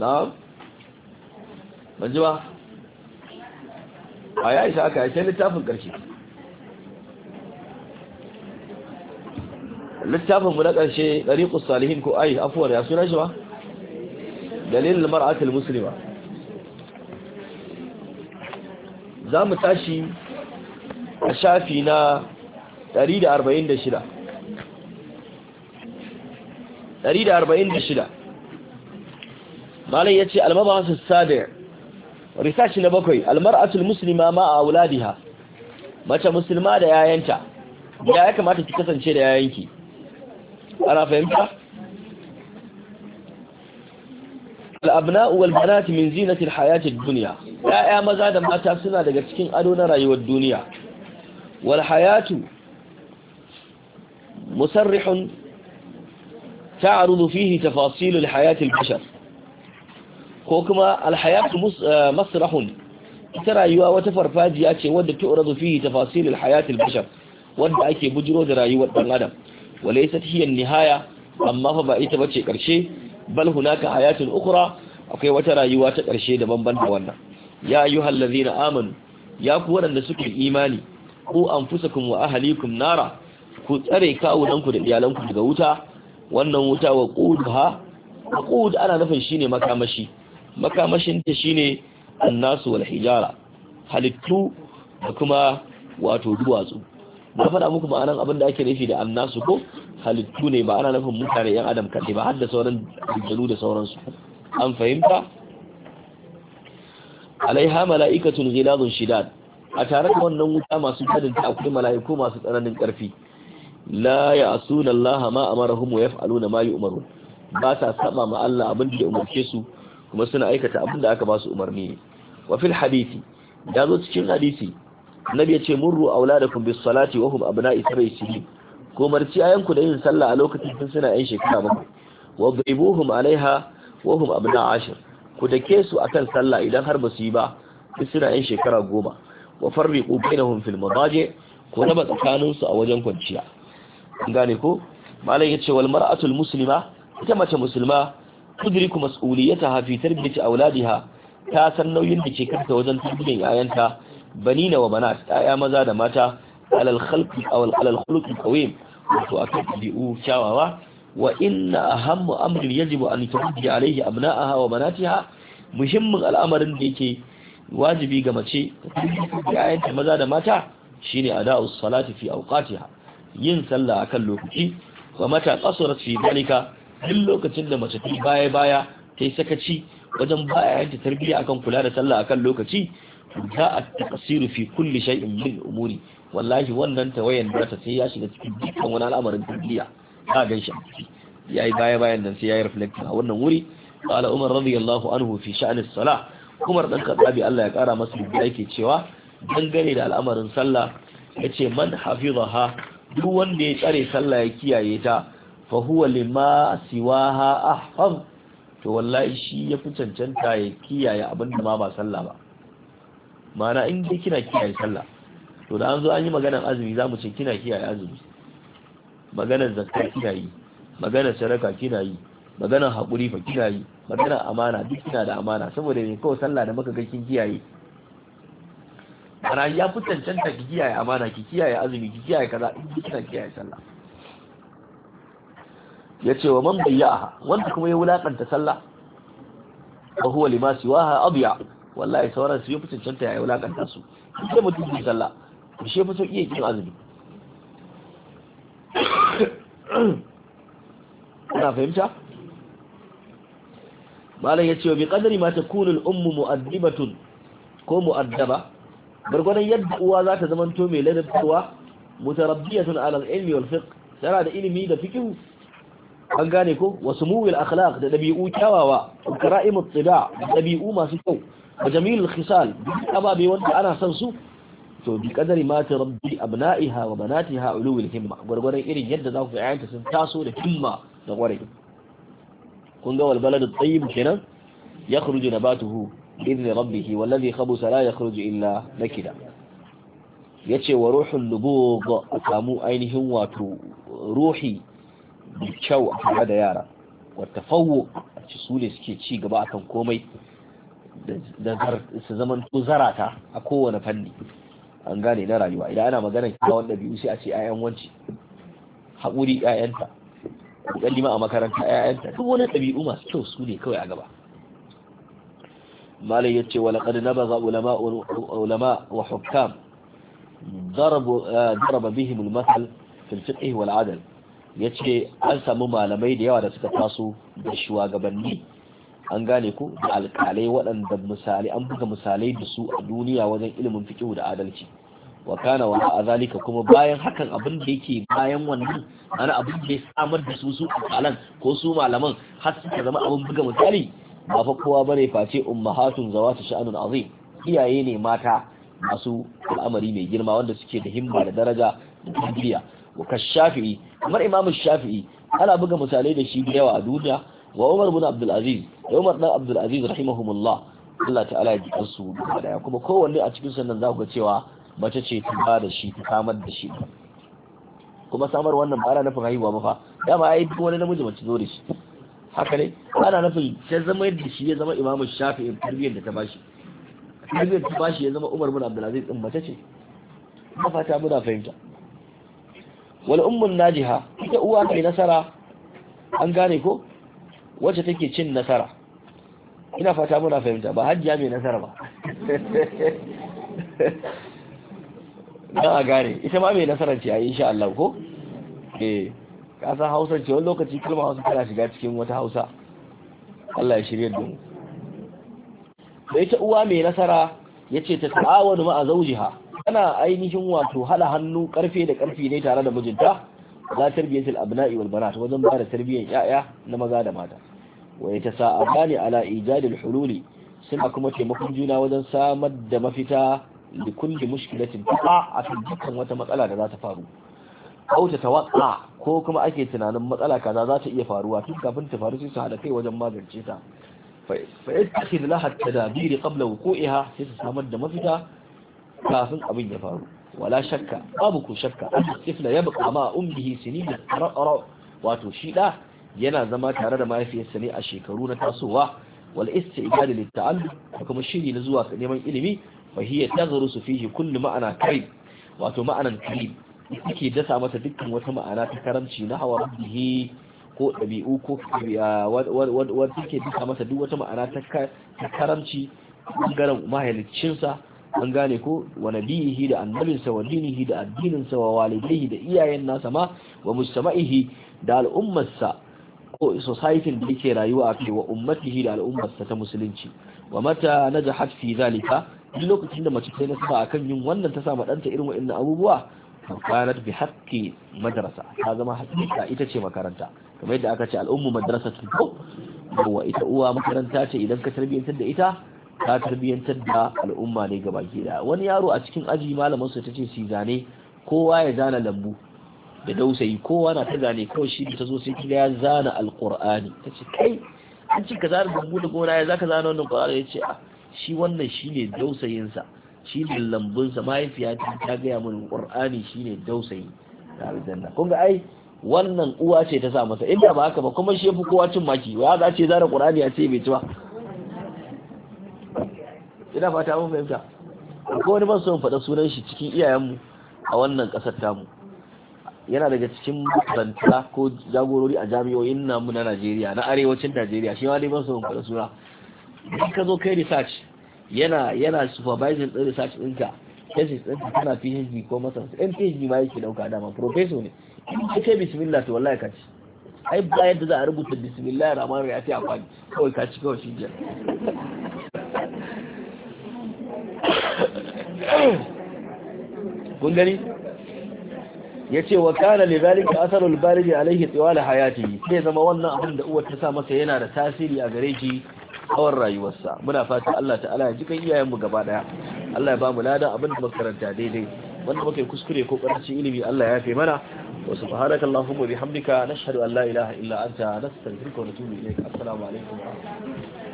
na'am ban ji ba a ya isa aka sai littafin ƙarshe littafin mu na ƙarshe ɗariƙus salihin ko ai afuwar ya suna shi ba dalilin mar'atul musulma za mu tashi a shafi na 146 146 malai yace al-mabahas as-sabi' risashi na bakwai al-mar'atul muslima ma auladiha mace musulma da yayanta ya ya kamata ki kasance da yayanki ana fahimta al-abna'u wal banat min zinati al-hayati ad-dunya ya'ya maza da mata suna daga cikin ado na rayuwar duniya wal hayatu musarrihun ta'rudu fihi tafasil al-hayati al-bashar ko kuma alhayatu eh, masrahun ita rayuwa wata farfajiya ce wadda tu'radu fihi tafasilul hayatil bashar wadda ake bujiro da rayuwar dan adam walaysat hiya nihaya amma fa ba ita bace karshe bal hunaka hayatun ukhra akwai wata rayuwa ta karshe daban ban da wannan ya ayyuhallazina amanu ya ku waɗanda suke imani ku anfusakum wa ahlikum nara ku tsare kawunanku da iyalanku daga wuta wannan wuta wa qudha qud ana nufin shine makamashi makamashinta shine annasu wal hijara halittu da kuma wato duwatsu na faɗa muku ma'anar abin da ake nufi da annasu ko halittu ne ba ana nufin mutane yan adam kaɗai ba har da sauran dukkalu da sauransu an fahimta alaiha mala'ikatun ghilazun shidad a tare da wannan wuta masu tsadin ta akwai mala'iku masu tsananin ƙarfi la ya'suna Allah ma amarahum wa yaf'aluna ma yu'marun ba sa saba ma Allah abin da ya umarce su kuma suna aikata abin da aka ba su umarni ne wa fil hadisi ya zo cikin hadisi annabi ya ce murru auladakum bis salati wa hum abna'i sab'i sinin ko marci ayanku da yin sallah a lokacin sun suna yan shekara bakwai wa dhibuhum alaiha wa hum abna'a ashir ku dake su akan sallah idan har ba su yi ba sun suna yan shekara goma wa farriqu bainahum fil madaji ko raba tsakanin su a wajen kwanciya gane ko malai ce wal mar'atul muslima ita mace musulma tudriku mas'uliyataha fi tarbiyati auladiha ta san nauyin da ke kanta wajen tarbiyyar yayanta banina wa banat ƴaƴa maza da mata alal khalqi aw alal khuluqi qawim wato akan dabi'u kyawawa wa inna ahammu amrin yajibu an turji alayhi abna'aha wa banatiha muhimmin al'amarin da yake wajibi ga mace yayanta maza da mata shine ada'u salati fi awqatiha yin sallah akan lokaci wa mata qasurat fi dalika duk lokacin da mace ta baya baya ta yi sakaci wajen baya tarbiyya akan kula da sallah akan lokaci za a taqsiru fi kulli shay'in min umuri wallahi wannan tawayan da ta sai ya shiga cikin dukkan wani al'amarin tarbiyya ka gan shi yayi baya bayan nan sai yayi reflecting a wannan wuri qala umar radiyallahu anhu fi sha'ni salah umar dan kadabi Allah ya kara masa da yake cewa dangane da al'amarin sallah yace man hafizaha duk wanda ya tsare sallah ya kiyaye ta fa huwa lima siwaha ahfaz to wallahi shi ya fi cancanta ya kiyaye abinda ma ba sallah ba mana in dai kina kiyaye sallah to da an zo an yi maganar azumi za mu ce kina kiyaye azumi maganar zakka kina yi maganar sadaka kina yi maganar haƙuri fa kina yi maganar amana duk kina da amana saboda ne kawai sallah da maka ga kin kiyaye ana ya fi cancanta ki kiyaye amana ki kiyaye azumi ki kiyaye kaza in kina kiyaye sallah ya ce wa man bayyaha wanda kuma ya wulakanta sallah wa huwa lima siwaha adiya wallahi sauran su yi cancanta ya wulakanta su sai mutum bi sallah ku shi fi sauki yakin azumi kuna fahimta malam ya ce wa bi kadari ma ta kunul ummu mu'addibatun ko mu'addaba gwargwadon yadda uwa za ta zamanto mai ladabtarwa mutarabbiyatun alal ilmi wal fiqh tana da ilimi da fiqh an gane ko wasu muwil akhlaq da dabi'u kyawawa kara'imut tida dabi'u masu kyau wa jamilul khisal duk ababe wanda ana son su to bi kadari ma ta rabbi abna'iha wa banatiha ulul himma gurgurun irin yadda za ku ayanta sun taso da himma da kwarai kun ga wal baladu tayyib kenan yakhruju nabatuhu باذن ربه والذي خبث لا يخرج الا نكدا yace wa ruhul lubugh akamu ainihin wato ruhi kyau a kula da yara wata fawo a ci su ne suke ci gaba akan komai da su zaman to zarata a kowane fanni an gane na rayuwa idan ana magana kyawun ɗabi'u sai a ce 'ya'yan wanci haƙuri 'ya'yanta ƙoƙari ma a makaranta 'ya'yanta duk wani ɗabi'u masu kyau su ne kawai a gaba malai yace wa laqad nabagha ulama ulama wa hukam ضرب ضرب بهم المثل في الفقه والعدل ya ce an samu malamai da yawa da suka taso da shugabanni an gane ku? da alkalai waɗanda misali an buga misalai da su a duniya wajen ilimin fiƙi da adalci wa kana wa azalika kuma bayan hakan abin da yake bayan wannan ana abin da ya samar da su su alkalan ko su malaman har suka zama abin buga misali ba fa kowa bane face ummahatun zawatu sha'anun azim iyaye ne mata masu al'amari mai girma wanda suke da himma da daraja da tarbiyya wa kashafi'i kamar imamu shafi'i ana buga misalai da shi da yawa a duniya wa umar bin abdul aziz da umar الله abdul aziz rahimahumullah Allah ta'ala ya ji kansu da kuma kowanne a cikin sannan za ku ga cewa mace ce ta ba da shi ta samar da shi kuma samar wannan ba ana nufin haihuwa ba fa ma ai duk wani namiji mace zo da shi haka ne ana nufin sai zama yadda shi ya zama imamu shafi'i tarbiyyar da ta bashi tarbiyyar ta bashi ya zama umar bin abdul aziz din mace ce ba fata muna fahimta wal na najiha ita uwa mai nasara an gane ko wacce take cin nasara ina fata muna fahimta ba hajjiya mai nasara ba na a gane ita ma mai nasarar ce a yi sha Allah ko ke eh, kasa hausar ce wani lokaci kalmar hausa tana shiga cikin wata hausa Allah ya shirya da mu ita uwa mai nasara ya ce ta ma a zaujiha tana ainihin wato hada hannu karfe da karfe ne tare da mijinta za tarbiyatul abna'i wal banat wajen ba da tarbiyyar yaya na maza da mata wa yatasa'abani ala ijadil hululi suna kuma taimakon juna wajen samar da mafita da kulli mushkilatin taqa a kan dukkan wata matsala da za ta faru aw ta tawaqqa ko kuma ake tunanin matsala kaza za ta iya faruwa tun kafin ta faru sai su hada kai wajen magance ta fa yattakhidhu laha tadabiri qabla wuqu'iha sai su samar da mafita kafin abin ya faru wala shakka babu ku shakka an tifla ya buka ma ummihi sinin qarqara wato shi da yana zama tare da mahaifiyarsa ne a shekaru na tasowa wal isti'dad lit ta'allum kuma shiri na zuwa neman ilimi fa hiya taghrusu fihi kullu ma'ana karim wato ma'anan karim take dasa masa dukkan wata ma'ana ta karamci na hawa bihi ko ɗabi'u ko wadda take dasa masa duk wata ma'ana ta karamci ɓangaren mahalicinsa an gane ko wa nabiyihi da annabinsa wa dinihi da addininsa wa walidaihi da iyayen nasa ma wa mustama'ihi da al'ummarsa ko society da yake rayuwa a kai wa ummatihi da al'ummarsa ta musulunci wa mata najahat fi zalika duk lokacin da mace ta nasaba akan yin wannan ta sa ma danta irin wa'annan abubuwa kanat bi haqqi madrasa ta zama haƙiƙa ita ce makaranta kamar yadda aka ce al'ummu madrasatu ko ita uwa makaranta ce idan ka tarbiyyantar da ita ta tarbiyyantar da al'umma ne gaba da wani yaro a cikin aji malamin su ce su zane kowa ya zana lambu da dausayi kowa na ta zane kawai shi ta zo sai kiga ya zana alqur'ani ce, kai an ce ka zana lambu da gona ya zaka zana wannan qur'ani ce a ah, shi wannan shine dausayin sa shi lambun sa mahaifiya ta ga ya mun qur'ani shine dausayi da aljanna kun ga ai wannan uwa ce ta sa masa inda ba haka ba kuma shi fi kowa cin maki wa za ce zana qur'ani ya ce bai ci ba ina fata mun fahimta ko wani ban son faɗa sunan shi cikin iyayenmu a wannan ƙasar tamu yana daga cikin makaranta ko jagorori a jami'o'in namu na Najeriya na arewacin Najeriya shi ma dai ban son faɗa suna in ka zo kai research yana yana supervising din research ɗinka thesis ɗinka kana PhD ko masters ɗan PhD ma yake ɗauka dama professor ne in ka ce bismillah to wallahi ka ci ai ba yadda za a rubuta bismillahir ya rahim a kwani kawai ka ci kawai shi kun gani ya ce wa kana li zalika asarul baridi alaihi tiwal hayatihi sai zama wannan abin da uwar ta sa masa yana da tasiri a gare shi tsawon rayuwarsa muna fata Allah ta'ala ya jikan iyayenmu gaba daya Allah ya ba mu lada abin da makaranta daidai wanda muka yi kuskure ko karancin ilimi Allah ya yafe mana wa subhanaka allahumma bihamdika nashhadu an la ilaha illa anta nastaghfiruka wa natubu ilayk assalamu alaikum wa rahmatullahi